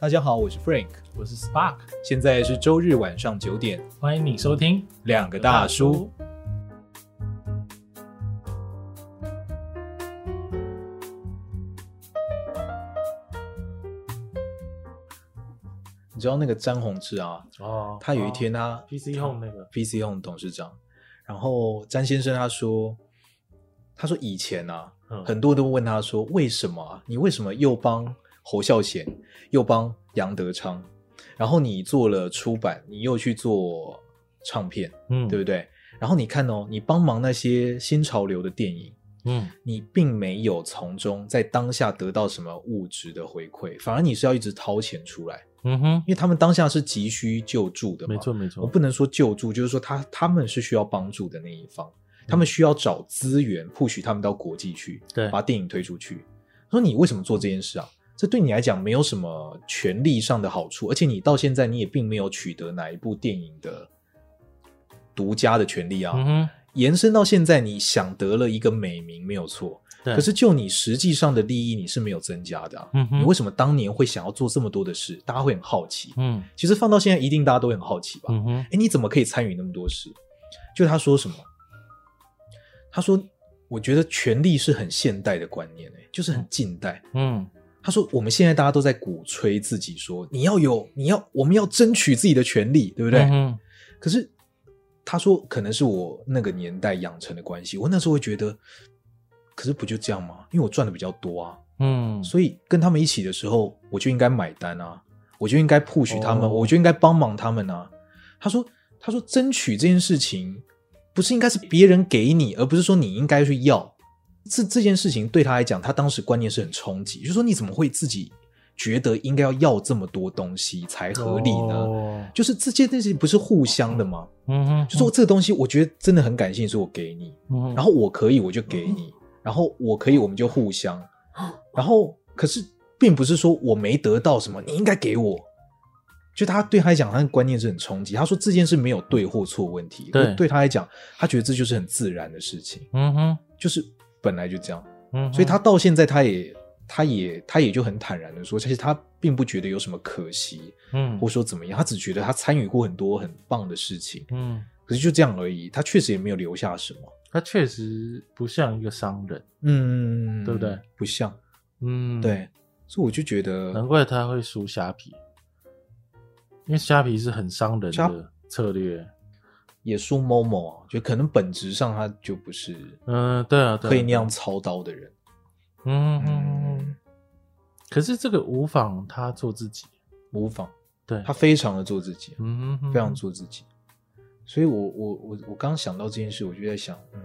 大家好，我是 Frank，我是 Spark，現在是週日晚上九點，歡迎你收聽兩個大叔。嗯、你知道那個詹宏志啊？哦，oh, 他有一天他 PC Home 那個 PC Home 董事長，然後詹先生他說，他說以前啊，oh. 很多人都問他說，為什麼你為什麼又幫侯孝賢又幫楊德昌，然後你做了出版，你又去做唱片，嗯，對不對？然後你看哦，你幫忙那些新潮流的電影，嗯，你並沒有從中在當下得到什麼物質的回饋，反而你是要一直掏錢出來，嗯哼，因為他們當下是急需救助的嘛沒，沒錯沒錯，我不能說救助，就是說他他們是需要幫助的那一方，嗯、他們需要找資源 push、嗯、他們到國際去，對，把電影推出去。說你為什麼做這件事啊？這對你來講沒有什麼權利上的好處，而且你到現在你也並沒有取得哪一部電影的獨家的權利啊。嗯哼，延伸到現在，你想得了一個美名，沒有錯，對，可是就你實際上的利益，你是沒有增加的啊。啊、嗯哼，你為什麼當年會想要做這麼多的事？大家會很好奇。嗯，其實放到現在，一定大家都很好奇吧。嗯哼，哎，你怎麼可以參與那麼多事？就他說什麼？他說：“我覺得權力是很現代的觀念，欸，就是很近代。”嗯，嗯。他說：“我們現在大家都在鼓吹自己說，說你要有，你要，我們要爭取自己的權利，對不對？嗯哼。可是他說，可能是我那個年代養成的關係。我那時候會覺得，可是不就這樣嗎？因為我賺的比較多啊，嗯。所以跟他們一起的時候，我就應該買單啊，我就應該 push 他們，哦、我就應該幫忙他們啊。”他說：“他說爭取這件事情，不是應該是別人給你，而不是說你應該去要。”這這件事情對他來講，他當時觀念是很衝擊，就是說你怎麼會自己覺得應該要要這麼多東西才合理呢？Oh. 就是這件事情不是互相的嗎？嗯哼、mm，hmm. 就說這個東西我覺得真的很感興趣，我給你，mm hmm. 然後我可以我就給你，mm hmm. 然後我可以我們就互相，然後可是並不是說我沒得到什麼，你應該給我。就他對他來講，他的觀念是很衝擊。他說這件事沒有對或錯問題，對、mm hmm. 對他來講，他覺得這就是很自然的事情。嗯哼、mm，hmm. 就是。本來就這樣，嗯、哼所以他到現在他也，他也，他也就很坦然的說，其實他並不覺得有什麼可惜，嗯，或者說怎麼樣，他只覺得他參與過很多很棒的事情，嗯，可是就這樣而已，他確實也沒有留下什麼，他確實不像一個商人，嗯，對不對？不像，嗯，對，所以我就覺得難怪他會輸蝦皮，因為蝦皮是很商人的策略。也輸某某啊，就可能本質上他就不是，嗯，對啊，可以那樣操刀的人，嗯嗯。可是這個無妨，他做自己，無妨，對他非常的做自己、啊嗯，嗯，嗯非常做自己。所以我我我我剛想到這件事，我就在想，嗯，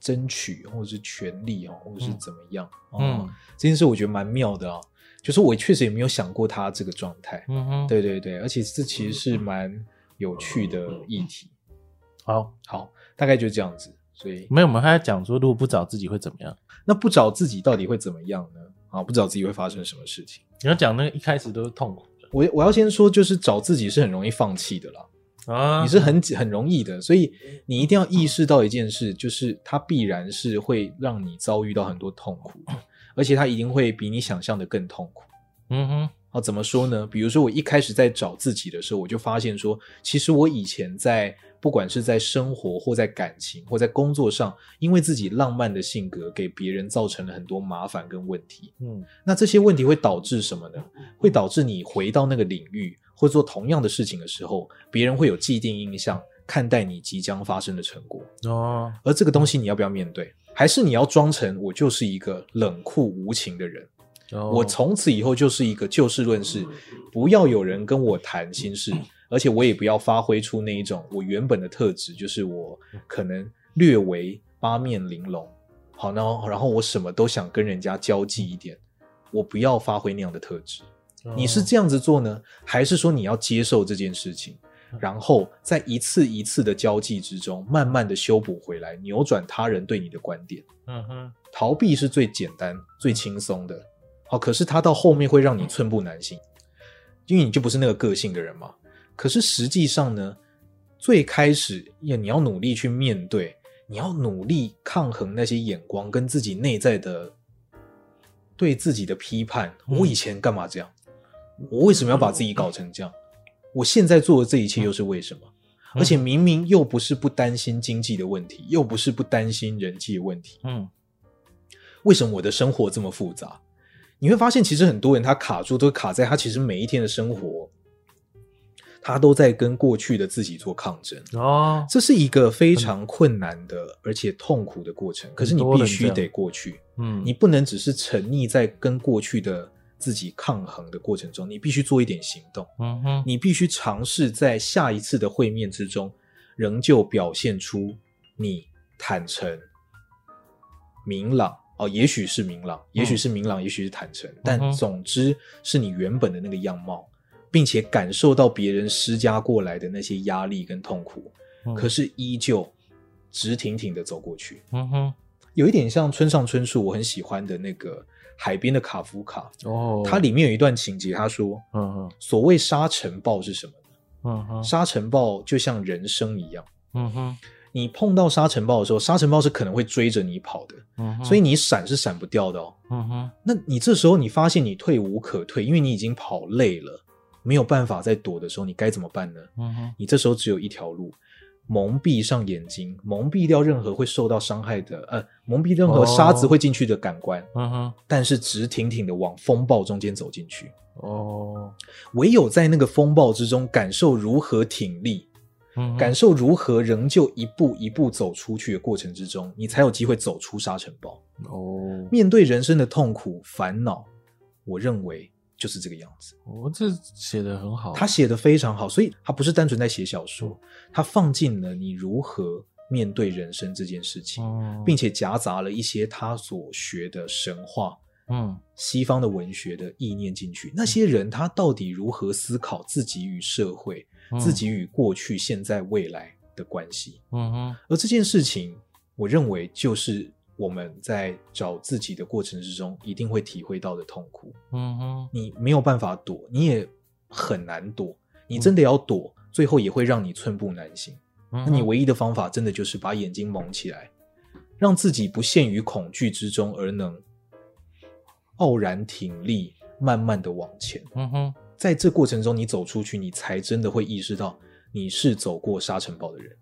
爭取或者是權利哦、啊，或者是怎麼樣，嗯，嗯嗯這件事我覺得蠻妙的啊，就是我確實也沒有想過他這個狀態，嗯嗯，嗯對對對，而且這其實是蠻有趣的議題。嗯嗯嗯好、oh. 好，大概就這樣子。所以，沒有，我們還在講說，如果不找自己會怎麼樣？那不找自己到底會怎麼樣呢？啊，不找自己會發生什麼事情。你要講那個一開始都是痛苦的。我我要先說，就是找自己是很容易放棄的啦。啊、uh，huh. 你是很很容易的，所以你一定要意識到一件事，就是它必然是會讓你遭遇到很多痛苦的，而且它一定會比你想象的更痛苦。嗯哼、uh。Huh. 好，怎麼說呢？比如說，我一開始在找自己的時候，我就發現說，其實我以前在。不管是在生活或在感情或在工作上，因為自己浪漫的性格，給別人造成了很多麻煩跟問題。嗯，那這些問題會導致什麼呢？會導致你回到那個領域，或做同樣的事情的時候，別人會有既定印象，看待你即將發生的成果。哦，而這個東西你要不要面對？還是你要裝成我就是一個冷酷無情的人？哦，我從此以後就是一個就事論事，不要有人跟我談心事。嗯。而且我也不要發揮出那一種我原本的特質，就是我可能略為八面玲瓏，好呢，然後我什麼都想跟人家交際一點，我不要發揮那樣的特質。哦、你是這樣子做呢，還是說你要接受這件事情，然後在一次一次的交際之中，慢慢的修補回來，扭轉他人對你的觀點？嗯哼，逃避是最簡單、最輕鬆的，好，可是他到後面會讓你寸步難行，因為你就不是那個個性的人嘛。可是實際上呢，最開始要你要努力去面對，你要努力抗衡那些眼光跟自己內在的對自己的批判。我以前幹嘛這樣？我為什麼要把自己搞成這樣？我現在做的這一切又是為什麼？而且明明又不是不擔心經濟的問題，又不是不擔心人際的問題。嗯，為什麼我的生活這麼複雜？你會發現，其實很多人他卡住都卡在他其實每一天的生活，他都在跟過去的自己做抗爭哦，這是一個非常困難的而且痛苦的過程。嗯，可是你必須得過去，嗯，你不能只是沉溺在跟過去的自己抗衡的過程中，你必須做一點行動，嗯哼，你必須嘗試在下一次的會面之中，仍舊表現出你坦誠、明朗哦，也許是明朗，也許是明朗，哦、也許是明朗，也許是坦誠，嗯哼，但總之是你原本的那個樣貌。並且感受到別人施加過來的那些壓力跟痛苦，嗯、可是依舊直挺挺的走過去。嗯哼，有一點像村上春樹，我很喜歡的那個《海邊的卡夫卡》。哦，哦，哦，它裡面有一段情節，他說：“嗯哼，所謂沙塵暴是什麼呢？嗯哼，沙塵暴就像人生一樣。嗯哼，你碰到沙塵暴的時候，沙塵暴是可能會追着你跑的。嗯哼，所以你閃是閃不掉的哦。嗯哼，那你這時候你發現你退無可退，因為你已經跑累了。”沒有辦法再躲的時候，你該怎麼辦呢？嗯哼，你這時候只有一條路，蒙蔽上眼睛，蒙蔽掉任何會受到傷害的，呃，蒙蔽任何沙子會進去的感官。嗯哼、哦，但是直挺挺的往風暴中間走進去。哦，唯有在那個風暴之中，感受如何挺立，嗯哼，感受如何仍舊一步一步走出去的過程之中，你才有機會走出沙塵暴。哦，面對人生的痛苦煩惱，我認為。就是這個樣子，我、哦、這寫的很好，他寫的非常好，所以他不是單純在寫小說，嗯、他放進了你如何面對人生這件事情，嗯、並且夾雜了一些他所學的神話，嗯，西方的文學的意念進去，那些人他到底如何思考自己與社會，嗯、自己與過去、現在、未來的關係，嗯哼，而這件事情，我認為就是。我們在找自己的過程之中，一定會體會到的痛苦。嗯哼，你沒有辦法躲，你也很難躲，你真的要躲，最後也會讓你寸步難行。那你唯一的方法，真的就是把眼睛蒙起來，讓自己不陷於恐懼之中，而能傲然挺立，慢慢的往前。嗯哼，在這過程中，你走出去，你才真的會意識到你是走過沙塵暴的人。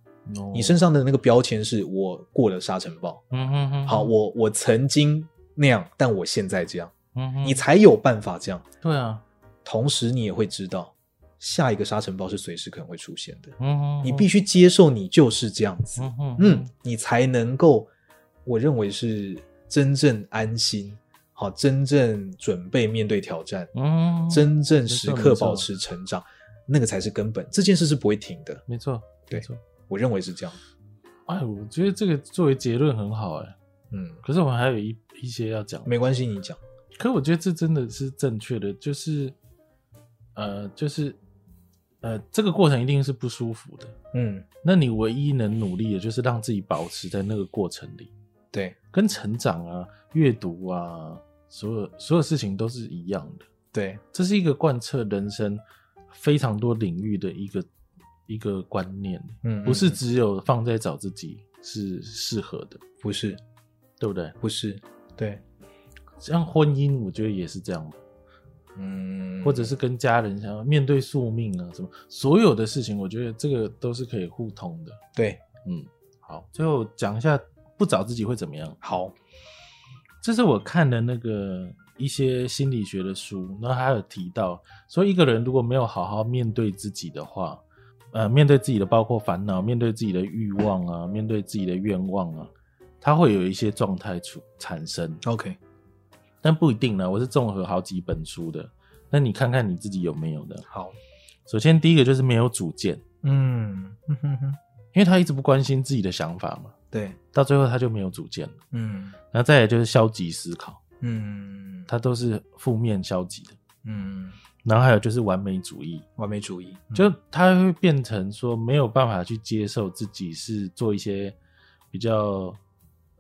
你身上的那個標籤是我過了沙塵暴。嗯。好，我我曾經那樣，但我現在這樣。嗯。你才有辦法這樣。對啊。同時，你也會知道下一個沙塵暴是隨時可能會出現的。嗯。你必須接受你就是這樣子。嗯。你才能夠，我認為是真正安心，好，真正準備面對挑戰。嗯。真正時刻保持成長，那個才是根本。這件事是不會停的。沒錯。對。我認為是這樣，哎，我覺得這個作為結論很好，欸，哎，嗯，可是我們還有一一些要講，沒關係，你講。可我覺得這真的是正確的，就是，呃，就是，呃，這個過程一定是不舒服的，嗯，那你唯一能努力的就是讓自己保持在那個過程裡，對，跟成長啊、閱讀啊，所有所有事情都是一樣的，對，這是一個貫徹人生非常多領域的一個。一個觀念，嗯，不是只有放在找自己嗯嗯嗯是適合的，不是，對不對？不是，對，像婚姻，我覺得也是這樣嘛，嗯，或者是跟家人，想要面對宿命啊，什麼所有的事情，我覺得這個都是可以互通的，對，嗯，好，最後講一下不找自己會怎麼樣。好，這是我看的那個一些心理學的書，然後他還有提到，說，一個人如果沒有好好面對自己的話。呃，面對自己的包括煩惱，面對自己的慾望啊，面對自己的願望啊，他會有一些狀態出產生。OK，但不一定啦。我是綜合好幾本書的，那你看看你自己有沒有的。好，首先第一個就是沒有主見。嗯， 因為他一直不關心自己的想法嘛。對，到最後他就沒有主見了。嗯，那再來就是消極思考。嗯，他都是負面消極的。嗯。然後還有就是完美主義，完美主義，就它會變成說沒有辦法去接受自己是做一些比較、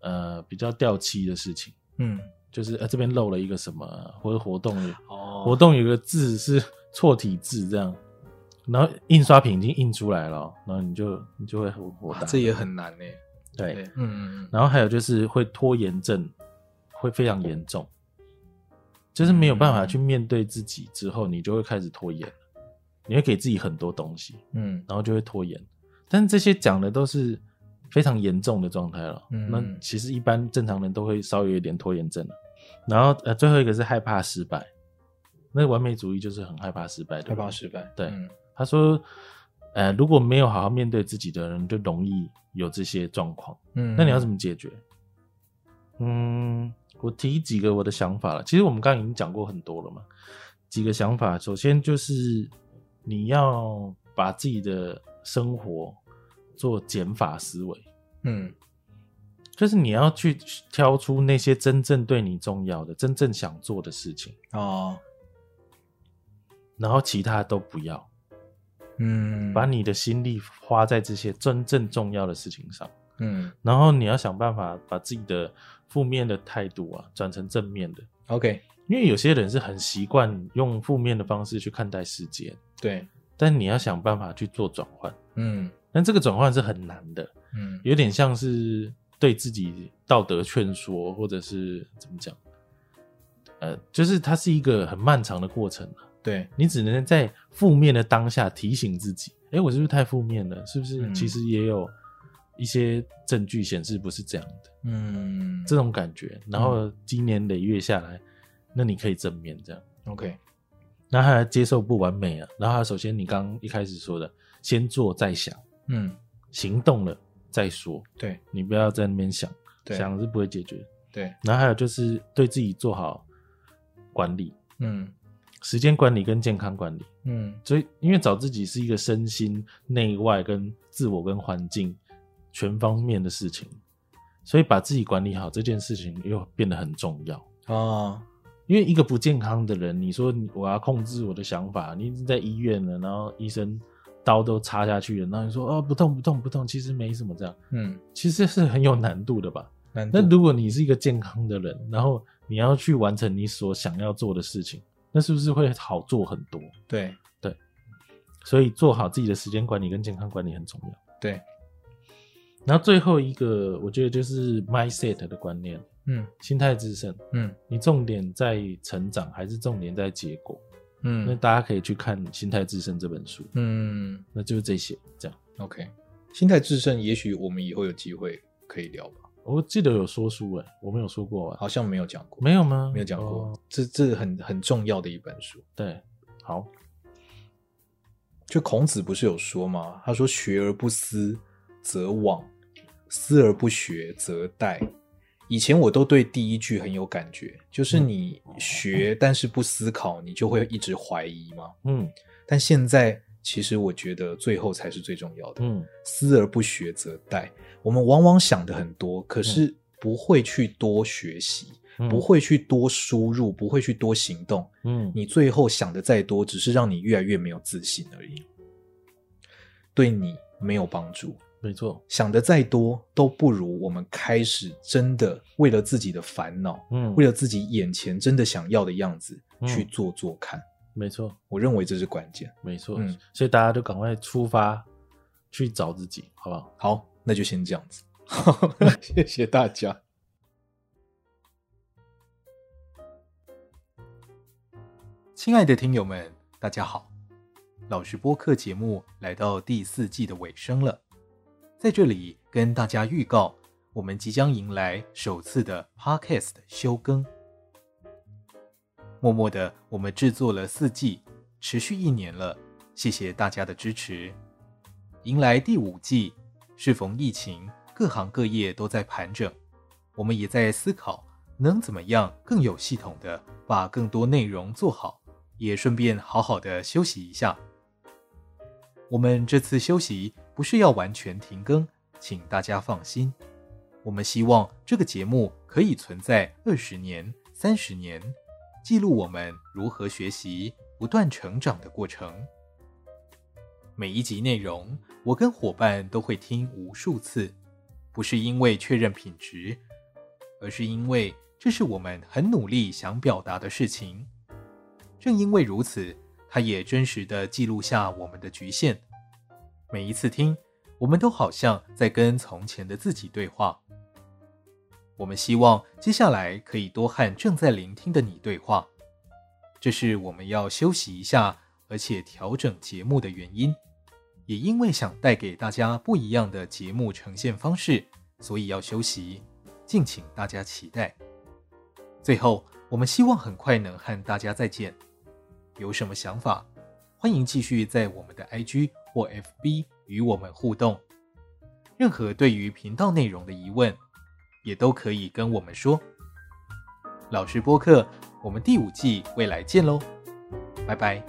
嗯、呃比較掉漆的事情，嗯，就是呃這邊漏了一個什麼或者活動，活動有、哦、活動有個字是錯體字這樣，然後印刷品已經印出來了，然後你就你就會很火大，這也很難呢、欸。對，對嗯，嗯，然後還有就是會拖延症，會非常嚴重。嗯就是沒有辦法去面對自己之後，你就會開始拖延，嗯、你會給自己很多東西，嗯，然後就會拖延。但這些講的都是非常嚴重的狀態了。嗯，那其實一般正常人都會稍微有點拖延症。然後呃，最後一個是害怕失敗，那完美主義就是很害怕失敗的。害怕失敗，對。嗯、他說，呃，如果沒有好好面對自己的人，就容易有這些狀況。嗯，那你要怎麼解決？嗯。我提幾個我的想法了。其實我們剛剛已經講過很多了嘛。幾個想法，首先就是你要把自己的生活做減法思維，嗯，就是你要去挑出那些真正對你重要的、真正想做的事情哦。然後其他都不要，嗯，把你的心力花在這些真正重要的事情上。嗯，然後你要想辦法把自己的負面的態度啊轉成正面的，OK。因為有些人是很習慣用負面的方式去看待世界，對。但你要想辦法去做轉換，嗯。但這個轉換是很難的，嗯，有點像是對自己道德勸說，嗯、或者是怎麼講，呃，就是它是一個很漫長的過程啊。對，你只能在負面的當下提醒自己，哎，我是不是太負面了？是不是其實也有、嗯。一些證據顯示不是這樣的，嗯，這種感覺，然後經年累月下來，嗯、那你可以正面這樣，OK。那還有接受不完美啊。然後還有首先你剛剛一開始說的，先做再想，嗯，行動了再說，對，你不要在那邊想，對想是不會解決，對。然後還有就是對自己做好管理，嗯，時間管理跟健康管理，嗯，所以因為找自己是一個身心內外跟自我跟環境。全方面的事情，所以把自己管理好這件事情又變得很重要啊。哦、因為一個不健康的人，你說我要控制我的想法，你一直在醫院呢，然後醫生刀都插下去了，然後你說啊、哦、不痛不痛不痛，其實沒什麼這樣。嗯，其實是很有難度的吧？難度。那如果你是一個健康的人，然後你要去完成你所想要做的事情，那是不是會好做很多？對對。所以做好自己的時間管理跟健康管理很重要。對。然後最後一個，我覺得就是 mindset 的觀念，嗯，心態致勝，嗯，你重點在成長還是重點在結果，嗯，那大家可以去看《心態致勝》這本書，嗯，那就是這些，這樣，OK。心態致勝，也許我們以後有機會可以聊吧。我記得有說書誒、欸，我們有說過、啊，好像沒有講過，沒有嗎？沒有講過，oh. 這這很很重要的一本書，對，好。就孔子不是有說嗎？他說“學而不思則罔”。思而不學則殆。以前我都對第一句很有感覺，就是你學、嗯、但是不思考，你就會一直懷疑嗎？嗯，但現在其實我覺得最後才是最重要的。嗯，思而不學則殆。我們往往想的很多，可是不會去多學習，嗯、不會去多輸入，不會去多行動。嗯，你最後想的再多，只是讓你越來越沒有自信而已，對你沒有幫助。沒錯，想的再多都不如我們開始真的為了自己的煩惱，嗯，為了自己眼前真的想要的樣子、嗯、去做做看。沒錯錯，我認為這是關鍵。沒錯錯，嗯，所以大家都趕快出發去找自己，好不好？好，那就先這樣子。好， 謝謝大家，親 愛的聽友們，大家好，老實播客節目來到第四季的尾聲了。在這裡跟大家預告，我們即將迎來首次的 podcast 休更。默默的，我們制作了四季，持續一年了，謝謝大家的支持。迎來第五季，適逢疫情，各行各業都在盤整，我們也在思考能怎麼樣更有系統的把更多內容做好，也順便好好的休息一下。我們這次休息。不是要完全停更，請大家放心。我們希望這個節目可以存在二十年、三十年，記錄我們如何學習、不斷成長的過程。每一集內容，我跟夥伴都會聽無數次，不是因為確認品質，而是因為這是我們很努力想表達的事情。正因為如此，它也真實地記錄下我們的局限。每一次聽，我們都好像在跟從前的自己對話。我們希望接下來可以多和正在聆聽的你對話。這是我們要休息一下，而且調整節目的原因，也因為想帶給大家不一樣的節目呈現方式，所以要休息。敬請大家期待。最後，我們希望很快能和大家再見。有什麼想法，歡迎繼續在我們的 IG。或 FB 與我們互動，任何對於頻道內容的疑問，也都可以跟我們說。老實播客，我們第五季未來見嘍，拜拜。